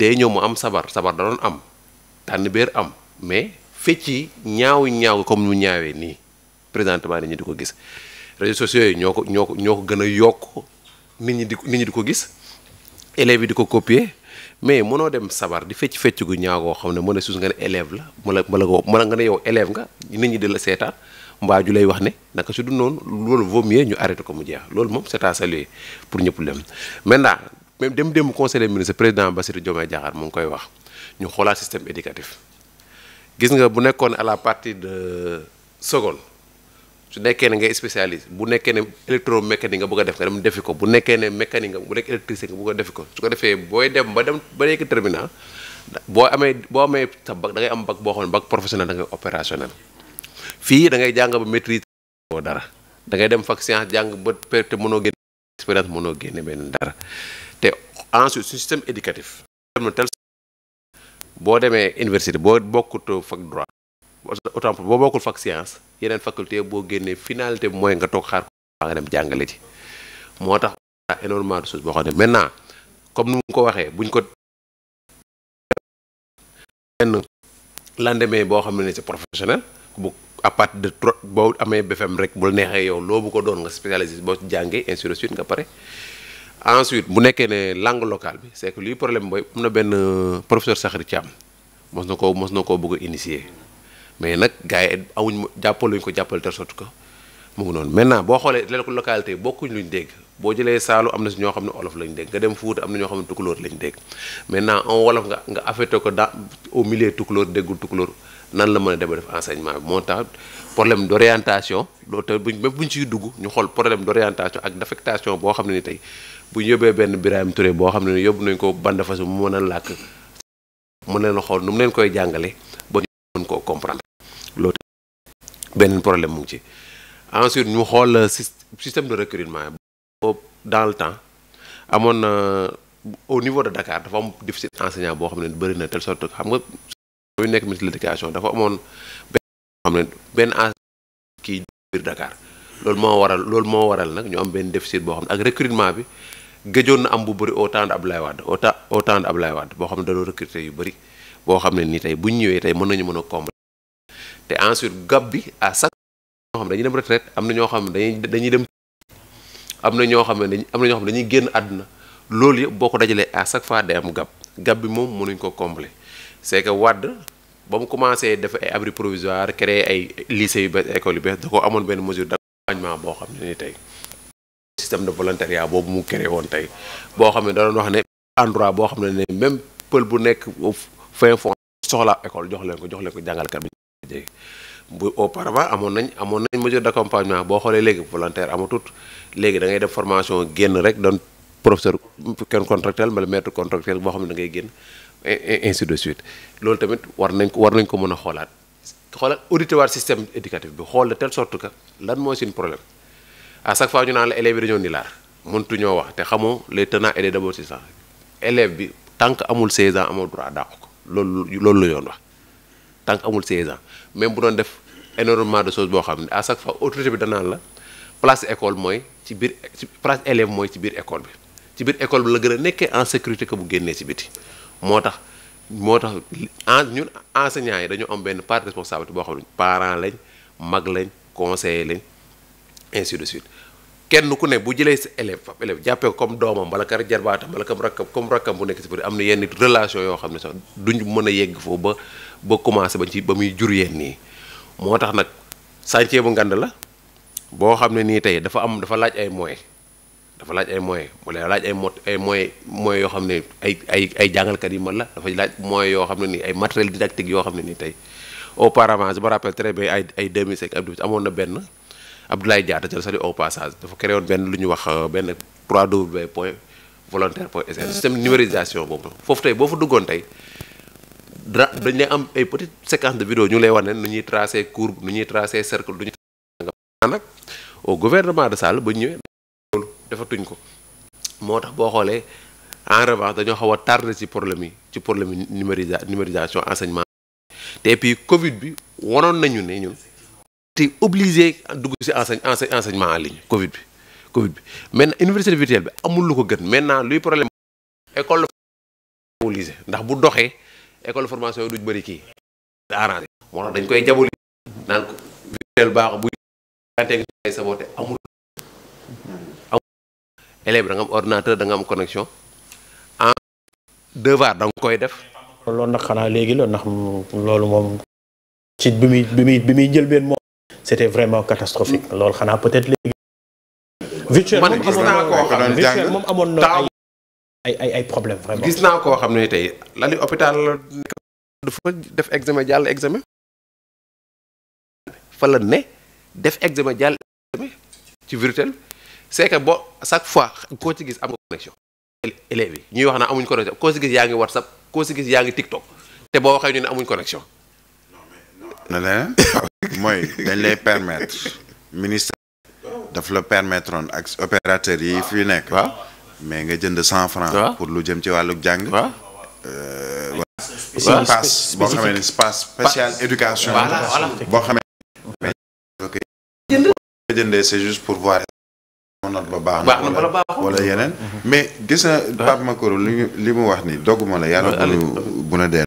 day ñëw mu am sabar sabar da am tànn béer am mais fecc ñaaw ñaaw comme ñu ñaawee nii présentement nit ñu di ko gis réseaux sociaux yi ñoo ko ñoo ko ñoo ko gën a yokk nit ñi di nit di ko gis élèves yi di ko copier mais mënoo dem sabar di fecc fecc gu ñaaw goo xam ne mën a suus nga ne élève la mala mala ko nga ne yow élève nga nit ñi di la seetaan mbaa ju lay wax ne naka si du noonu loolu vaut mieux ñu arrêté ko mu jeex loolu moom c'est à saluer pour ñëpp dem maintenant mais dem dem conseil des ministres président Bassirou Diomaye Diakhar mu ngi koy wax ñu xoolaat système éducatif gis nga bu nekkoon à la partie de seconde su nekkee ne ngay spécialiste bu nekkee ne électromécanique nga bëgg a def nga dem defi ko bu nekkee ne mécanique nga bu nekk électricité nga bëgg a defi ko su ko defee booy dem ba dem ba nekk terminal boo amee boo amee sa bac da am bac boo xam ne bac professionnel da ngay opérationnel fii da ngay jàng ba maîtrise dara da fac science jàng ba perte mënoo génne expérience mënoo génne benn dara ensuite suñu système éducatif na tel boo demee université boo bokkut fac droit autant pour boo bokkul fac science yeneen faculté boo génnee finalité bi mooy nga toog xaar ko nga dem jàngale ji moo tax énormément de boo xam ne maintenant comme ni mu ko waxee buñ ko benn boo xam ne c'est professionnel bu à de trop boo amee BFM rek bul neexee yow loo bu ko doon nga spécialisé boo jàngee ainsi de suite nga pare ensuite bu nekkee ne langue locale bi c'est que luy problème mooy am na benn euh, professeur Sakhri Thiam mos na koo mos na koo bëgg a initier mais nag gars yi awuñ luñ ko jàppal telle sorte que mu ngi noonu maintenant boo xoolee léegi localité bokkuñ luñ dégg boo jëlee saalu am na si ñoo xam ne olof lañ dégg nga dem Fuuta am na ñoo xam ne tukulóor lañ dégg maintenant on wolof nga nga affecté ko dans au milieu tukulóor déggul tukulóor nan la mën a dem def enseignement bi moo tax problème d' orientation loolu tamit buñ même buñ ciy dugg ñu xool problème d' ak d' boo xam ne ni tey buñ yóbbee benn Birahim Touré boo xam ne ni yóbbu nañ ko bande façon mu mën a làkk mën leen xool nu mu leen koy jàngale ba ñu mën koo comprendre loolu benn problème mu ngi ci ensuite ñu xool système de recrutement boobu dans le temps amoon na au niveau de Dakar dafa am déficit enseignant boo xam ne bëri na telle sorte xam bi nekk ministre de l'éducation dafa amoon benn xam benn enseignant kii dakaar Dakar loolu moo waral loolu moo waral nag ñu am benn déficit boo xam ne ak recrutement bi gëjoon na am bu bëri au temps de Abdoulaye Wade au temps au temps de Abdoulaye Wade boo xam ne dañoo recruter yu bari boo xam ne nii tey bu ñu ñëwee tey mën nañu mën a combler te ensuite gab bi à chaque ñoo xam dañuy dem retraite am na ñoo xam ne dañuy dañuy dem am na ñoo xam ne dañuy am na ñoo xam dañuy génn àdduna loolu yëpp boo ko dajalee à chaque fois day am gab gab bi moom mënuñ ko c'est que Wade ba mu commencé def ay abri provisoire créer ay lycées yu ba école yu bees da ko amoon benn mesure d'accompagnement boo xam ne ni tey système de volontariat boobu mu créé woon tey boo xam ne da doon wax ne endroit boo xam ne ne même pël bu nekk fin fond soxla école jox leen ko jox leen ko jàngalkat bi jéggi bu auparavant amoon nañ amoon nañ mesure d'accompagnement boo xoolee léegi volontaire amatut léegi da ngay def formation génn rek doon professeur kenn contractuel mbala maître contractuel boo xam ne da ngay et ainsi loolu tamit war nañ ko war nañ ko mën a xoolaat xoolaat auditer waat système éducatif bi xool de telle sorte que lan mooy suñu problème à sac fois ñu naan la élèves yi dañoo ni laar mëntu ñoo wax te xamoo les tenants et les aboutissants élève bi tant que amul 16 ans amoo droit dàq ko loolu loolu la yoon wax tant que amul 16 ans même bu doon def énormément de choses boo xam ne à sac fois autorité bi danaan la place école mooy ci biir place élève mooy ci biir école bi ci biir école bi la gën a nekkee en sécurité ko bu génnee ci biti moo tax moo tax ñun enseignants yi dañu am benn part de responsabilité boo xam ne parents lañ mag lañ conseiller lañ ainsi de suite kenn ku ne bu jëlee si élève fab élève jàppee comme doomam bala kar jarbaatam wala comme rakkam comme rakkam bu nekk si biir am na yenn relation yoo xam ne sax duñ mën a yegg foofu ba ba commencé ba ci ba muy jur yenn nii moo tax nag chantier bu ngande la boo xam ne nii tey dafa am dafa laaj ay moyens dafa laaj ay moyens wala laaj ay mot ay moyens moyens yoo xam ne ay ay jàngalkat yu ma la dafa laaj moyens yoo xam ne nii ay matériel didactique yoo xam ne nii tey auparavant je na benn Abdoulaye Diatta jël sali au passage dafa créé woon benn lu ñuy wax euh, benn 3W point volontaire point sn système numérisation boobu foofu tey boo fa duggoon tey dra dañ lay am ay petite séquence de vidéo ñu ngi lay wan ne nu ñuy tracé courbe nu ñuy tracé cercle du ñu nag au gouvernement de Sall ba defatuñ ko moo tax boo xoolee en revanche dañoo xaw a tardé ci problème yi ci problème yi numérisa numérisation enseignement te puis covid bi wanoon nañu ne ñun te obligé dugg ci enseigne enseignement en ligne covid bi covid bi maintenant université virtuelle bi amul lu ko gën maintenant luy problème école ndax bu doxee école formation yi duñ bëri kii arrangé moo tax dañ koy diabolise naan ko virtuelle baax bu saboté amul élève da am ordinateur danga nga am connexion en devoir koy def. loolu nag xanaa léegi la ndax loolu moom ci bi muy bi muy bi muy jël benn moom. c'était vraiment catastrophique. loolu xanaa peut-être léegi. virtuel moom amoon naa koo xam ay ay ay problème gis naa koo xam ne tey lali hôpital dafa def examen jàll examen. fa la ne def examen jàll examen ci virtuel. c'est que boo chaque fois koo ci gis am nga connexion yi ñuy wax naa amuñ connexion koo ci gis yaa ngi whatsapp koo gis yaa ngi tiktok te boo waxee ñu ne amuñ connexion ne leen mooy dañ lay permettre ministère daf la permettre oon ak opérateurs yi fii nekk waaw mais nga jënd cent francs pour lu jëm ci wàllu jàng euh, voilà pass boo xamee ne pass spécial éducation boo xamee ne jëndee c'est juste pour voir na ba baax na wala yeneen mhm. mais gis na Pape Macoor li li mu wax ni dogguma la yàlla bu nu na dee